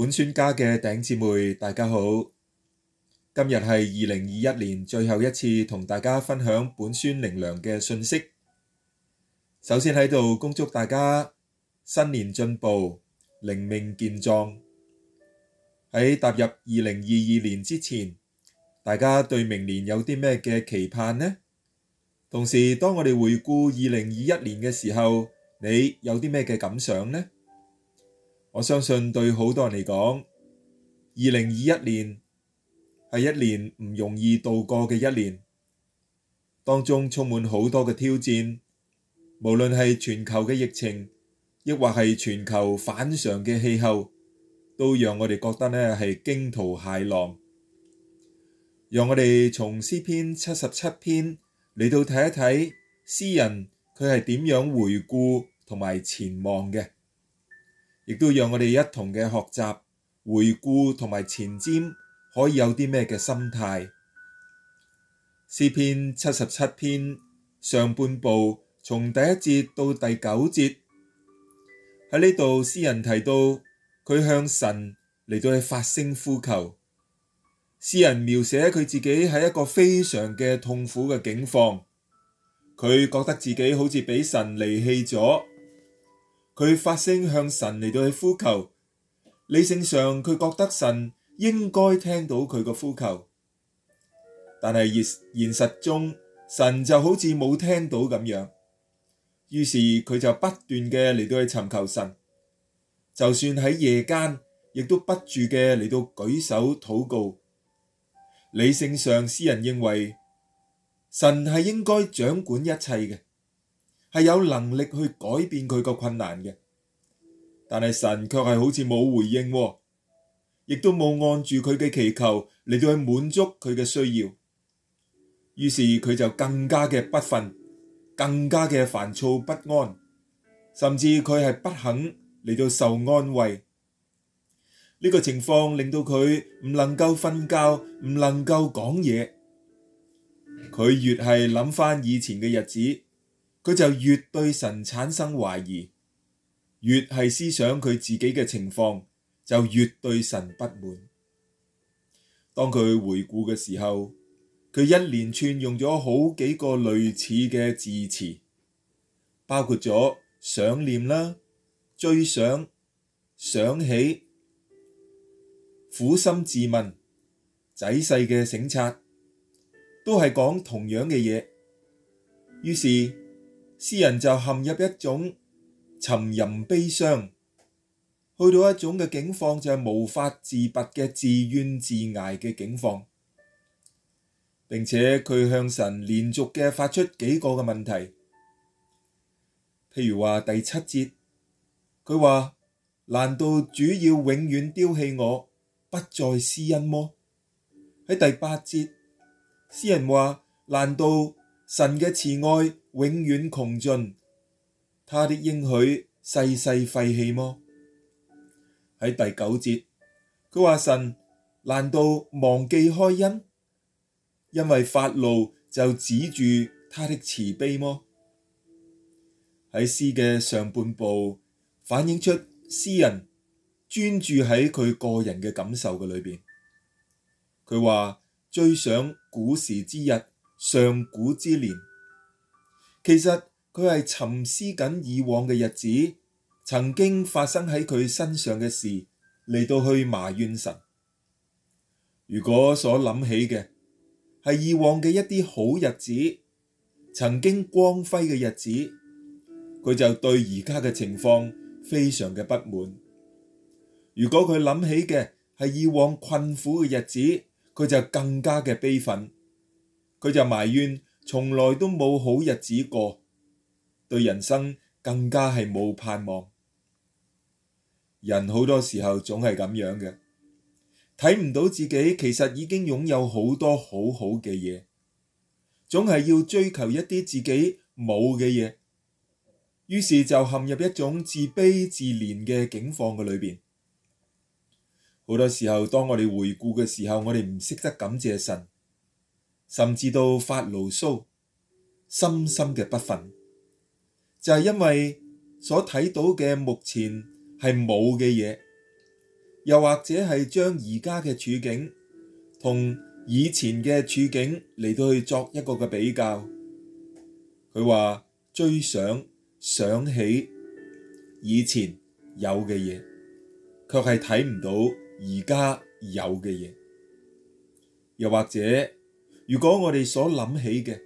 本村家嘅頂姊妹，大家好！今日係二零二一年最後一次同大家分享本村靈糧嘅訊息。首先喺度恭祝大家新年進步，靈命健壯。喺踏入二零二二年之前，大家對明年有啲咩嘅期盼呢？同時，當我哋回顧二零二一年嘅時候，你有啲咩嘅感想呢？我相信對好多人嚟講，二零二一年係一年唔容易度過嘅一年，當中充滿好多嘅挑戰。無論係全球嘅疫情，抑或係全球反常嘅氣候，都讓我哋覺得呢係驚濤駭浪。讓我哋從詩篇七十七篇嚟到睇一睇詩人佢係點樣回顧同埋前瞻嘅。亦都讓我哋一同嘅學習、回顧同埋前瞻，可以有啲咩嘅心態？詩篇七十七篇上半部，從第一節到第九節，喺呢度詩人提到佢向神嚟到去發聲呼求。詩人描寫佢自己喺一個非常嘅痛苦嘅境況，佢覺得自己好似俾神離棄咗。佢發聲向神嚟到去呼求，理性上佢覺得神應該聽到佢嘅呼求，但係現實中神就好似冇聽到咁樣，於是佢就不斷嘅嚟到去尋求神，就算喺夜間亦都不住嘅嚟到舉手禱告。理性上，詩人認為神係應該掌管一切嘅。係有能力去改變佢個困難嘅，但係神卻係好似冇回應，哦，亦都冇按住佢嘅祈求嚟到去滿足佢嘅需要。於是佢就更加嘅不忿，更加嘅煩躁不安，甚至佢係不肯嚟到受安慰。呢個情況令到佢唔能夠瞓覺，唔能夠講嘢。佢越係諗翻以前嘅日子。佢就越對神產生懷疑，越係思想佢自己嘅情況，就越對神不滿。當佢回顧嘅時候，佢一連串用咗好幾個類似嘅字詞，包括咗想念啦、追想、想起、苦心自問、仔細嘅省察，都係講同樣嘅嘢。於是。詩人就陷入一種沉吟悲傷，去到一種嘅境況，就係無法自拔嘅自怨自艾嘅境況。並且佢向神連續嘅發出幾個嘅問題，譬如話第七節，佢話：難道主要永遠丟棄我，不再施恩麼？喺第八節，詩人話：難道？神嘅慈愛永遠窮盡，他的應許世世廢棄麼？喺第九節，佢話神難道忘記開恩？因為發怒就止住他的慈悲麼？喺詩嘅上半部，反映出詩人專注喺佢個人嘅感受嘅裏邊。佢話追想古時之日。上古之年，其實佢係沉思緊以往嘅日子，曾經發生喺佢身上嘅事嚟到去埋怨神。如果所諗起嘅係以往嘅一啲好日子，曾經光輝嘅日子，佢就對而家嘅情況非常嘅不滿；如果佢諗起嘅係以往困苦嘅日子，佢就更加嘅悲憤。佢就埋怨，從來都冇好日子過，對人生更加係冇盼望。人好多時候總係咁樣嘅，睇唔到自己其實已經擁有好多好好嘅嘢，總係要追求一啲自己冇嘅嘢，於是就陷入一種自卑自憐嘅境況嘅裏邊。好多時候，當我哋回顧嘅時候，我哋唔識得感謝神。甚至到發牢騷，深深嘅不忿，就係因為所睇到嘅目前係冇嘅嘢，又或者係將而家嘅處境同以前嘅處境嚟到去作一個嘅比較。佢話追想想起以前有嘅嘢，卻係睇唔到而家有嘅嘢，又或者。如果我哋所諗起嘅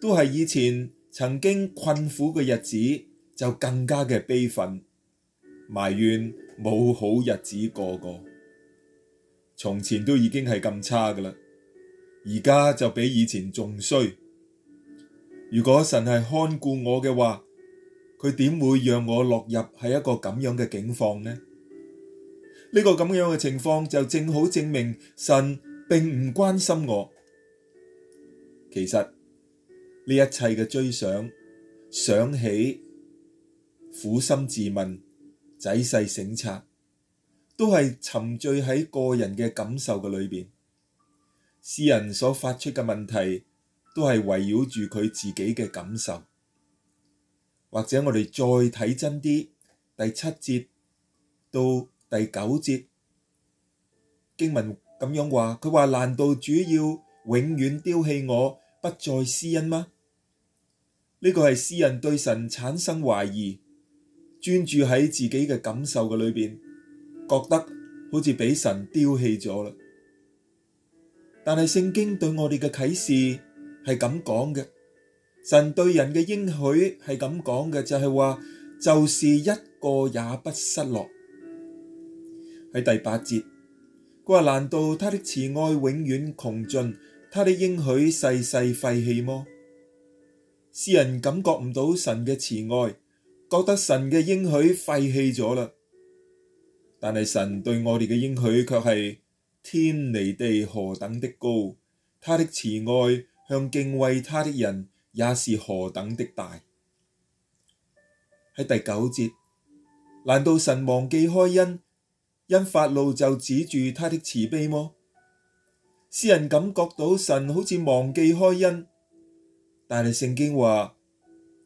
都係以前曾經困苦嘅日子，就更加嘅悲憤埋怨，冇好日子過過。從前都已經係咁差噶啦，而家就比以前仲衰。如果神係看顧我嘅話，佢點會讓我落入係一個咁樣嘅境況呢？呢個咁樣嘅情況就正好證明神並唔關心我。其實呢一切嘅追想、想起、苦心自問、仔細省察，都係沉醉喺個人嘅感受嘅裏邊。詩人所發出嘅問題，都係圍繞住佢自己嘅感受。或者我哋再睇真啲，第七節到第九節經文咁樣話，佢話：難道主要永遠丟棄我？不再施恩嗎？呢個係詩人對神產生懷疑，專注喺自己嘅感受嘅裏邊，覺得好似俾神丟棄咗啦。但係聖經對我哋嘅啟示係咁講嘅，神對人嘅應許係咁講嘅，就係話，就是一個也不失落。喺第八節，佢話，難道他的慈愛永遠窮盡？他的應許世世廢棄麼？世人感覺唔到神嘅慈愛，覺得神嘅應許廢棄咗啦。但係神對我哋嘅應許卻係天離地何等的高，他的慈愛向敬畏他的人也是何等的大。喺第九節，難道神忘記開恩，因發怒，就止住他的慈悲麼？詩人感覺到神好似忘記開恩，但係聖經話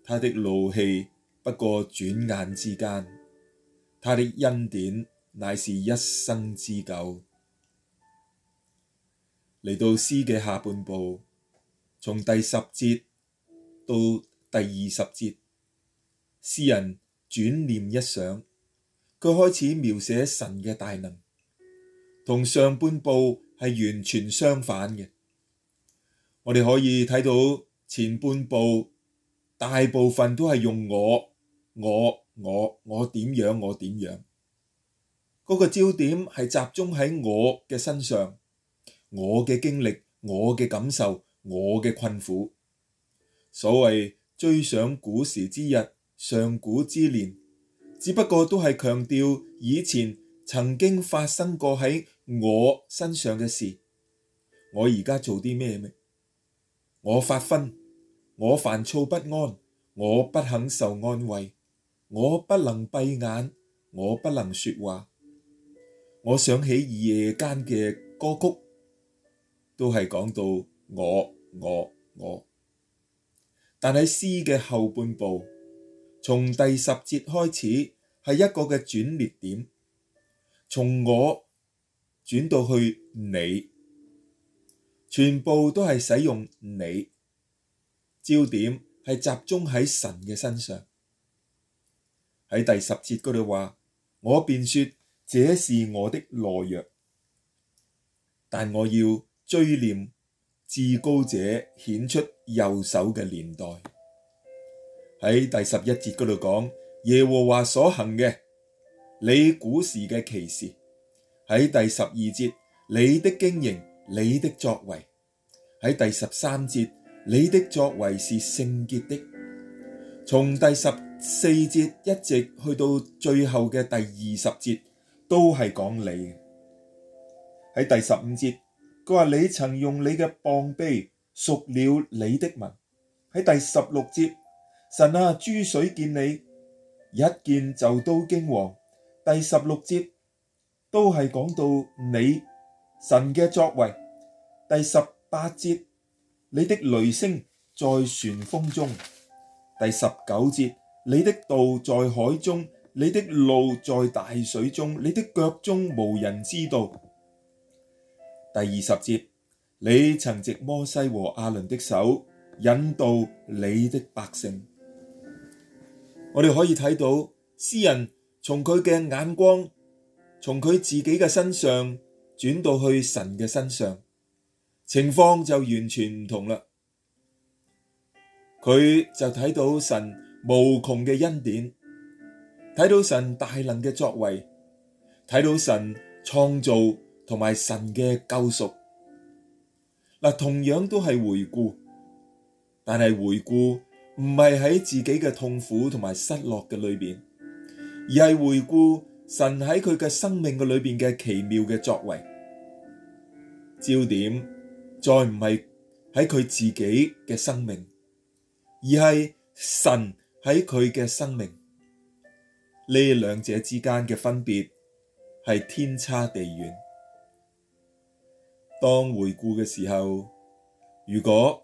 他的怒氣不過轉眼之間，他的恩典乃是一生之久。嚟到詩嘅下半部，從第十節到第二十節，詩人轉念一想，佢開始描寫神嘅大能，同上半部。係完全相反嘅。我哋可以睇到前半部大部分都係用我、我、我、我點樣、我點樣，嗰個焦點係集中喺我嘅身上，我嘅經歷、我嘅感受、我嘅困苦。所謂追想古時之日、上古之年，只不過都係強調以前曾經發生過喺我身上嘅事，我而家做啲咩咩？我發昏，我煩躁不安，我不肯受安慰，我不能閉眼，我不能說話。我想起夜間嘅歌曲，都係講到我、我、我。但係詩嘅後半部，從第十節開始係一個嘅轉捩點，從我。轉到去你，全部都係使用你，焦點係集中喺神嘅身上。喺第十節嗰度話，我便說這是我的懦弱，但我要追念至高者顯出右手嘅年代。喺第十一節嗰度講耶和華所行嘅，你古時嘅奇事。喺第十二節，你的經營，你的作為；喺第十三節，你的作為是聖潔的。從第十四節一直去到最後嘅第二十節，都係講你。喺第十五節，佢話你曾用你嘅膀臂贖了你的民。喺第十六節，神啊，諸水見你，一見就都驚惶。第十六節。都係講到你神嘅作為，第十八節，你的雷聲在旋風中；第十九節，你的道在海中，你的路在大水中，你的腳蹤無人知道；第二十節，你曾藉摩西和阿倫的手引導你的百姓。我哋可以睇到詩人從佢嘅眼光。從佢自己嘅身上轉到去神嘅身上，情況就完全唔同啦。佢就睇到神無窮嘅恩典，睇到神大能嘅作為，睇到神創造同埋神嘅救贖。嗱，同樣都係回顧，但係回顧唔係喺自己嘅痛苦同埋失落嘅裏邊，而係回顧。神喺佢嘅生命嘅裏邊嘅奇妙嘅作為，焦點，再唔係喺佢自己嘅生命，而係神喺佢嘅生命。呢兩者之間嘅分別係天差地遠。當回顧嘅時候，如果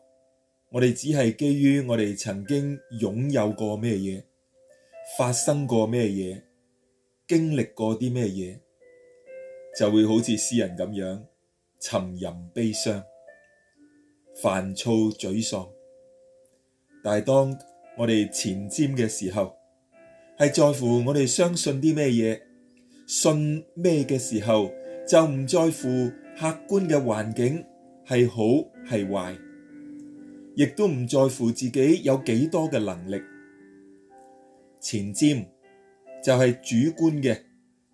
我哋只係基於我哋曾經擁有過咩嘢，發生過咩嘢，經歷過啲咩嘢，就會好似詩人咁樣沉吟悲傷、煩躁沮喪。但係當我哋前瞻嘅時候，係在乎我哋相信啲咩嘢，信咩嘅時候就唔在乎客觀嘅環境係好係壞，亦都唔在乎自己有幾多嘅能力。前瞻。就係主觀嘅，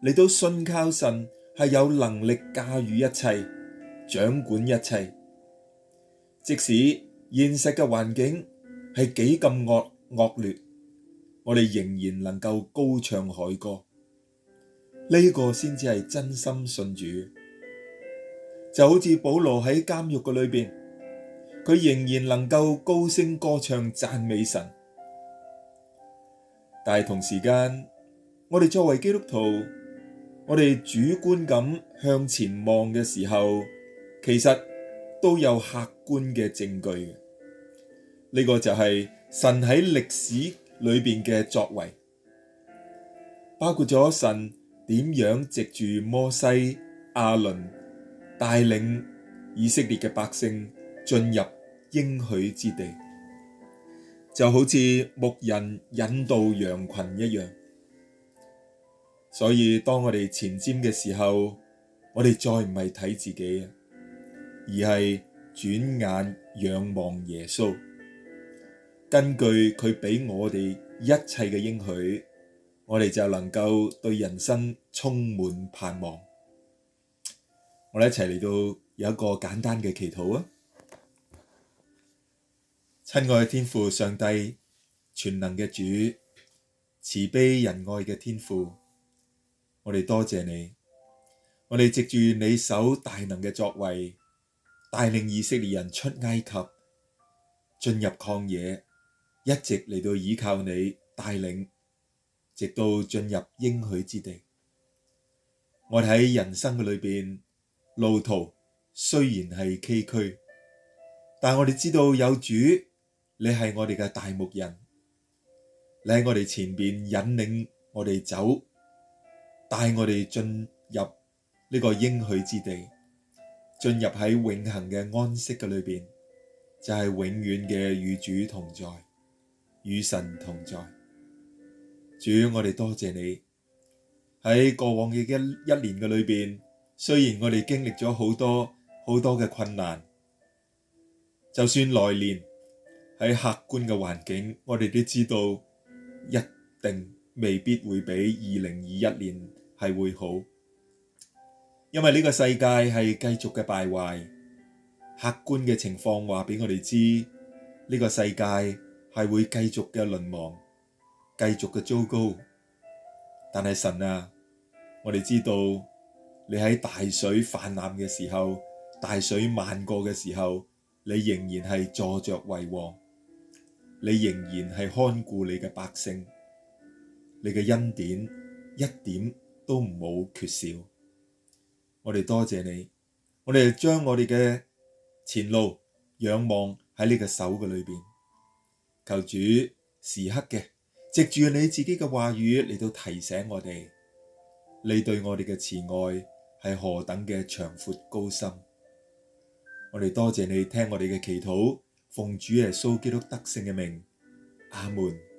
你都信靠神係有能力駕馭一切、掌管一切。即使現實嘅環境係幾咁惡惡劣，我哋仍然能夠高唱凱歌。呢個先至係真心信主。就好似保羅喺監獄嘅裏邊，佢仍然能夠高聲歌唱讚美神，但係同時間。我哋作為基督徒，我哋主觀咁向前望嘅時候，其實都有客觀嘅證據。呢個就係神喺歷史裏邊嘅作為，包括咗神點樣藉住摩西、亞倫帶領以色列嘅百姓進入應許之地，就好似牧人引導羊群一樣。所以，當我哋前瞻嘅時候，我哋再唔係睇自己，而係轉眼仰望耶穌。根據佢俾我哋一切嘅應許，我哋就能夠對人生充滿盼望。我哋一齊嚟到有一個簡單嘅祈禱啊！親愛嘅天父，上帝，全能嘅主，慈悲仁愛嘅天父。我哋多謝你，我哋藉住你手大能嘅作為，帶領以色列人出埃及，進入曠野，一直嚟到倚靠你帶領，直到進入應許之地。我哋喺人生嘅裏邊，路途雖然係崎嶇，但我哋知道有主，你係我哋嘅大牧人，你喺我哋前邊引領我哋走。帶我哋進入呢個應許之地，進入喺永恒嘅安息嘅裏邊，就係永遠嘅與主同在，與神同在。主，我哋多謝你喺過往嘅一一年嘅裏邊，雖然我哋經歷咗好多好多嘅困難，就算來年喺客觀嘅環境，我哋都知道一定未必會比二零二一年。係會好，因為呢個世界係繼續嘅敗壞，客觀嘅情況話俾我哋知，呢個世界係會繼續嘅淪亡，繼續嘅糟糕。但係神啊，我哋知道你喺大水泛濫嘅時候，大水漫過嘅時候，你仍然係坐着為王，你仍然係看顧你嘅百姓，你嘅恩典一點。都唔好缺少，我哋多謝你，我哋將我哋嘅前路仰望喺你嘅手嘅裏邊，求主時刻嘅藉住你自己嘅話語嚟到提醒我哋，你對我哋嘅慈愛係何等嘅長闊高深，我哋多謝你聽我哋嘅祈禱，奉主耶穌基督得勝嘅名，阿門。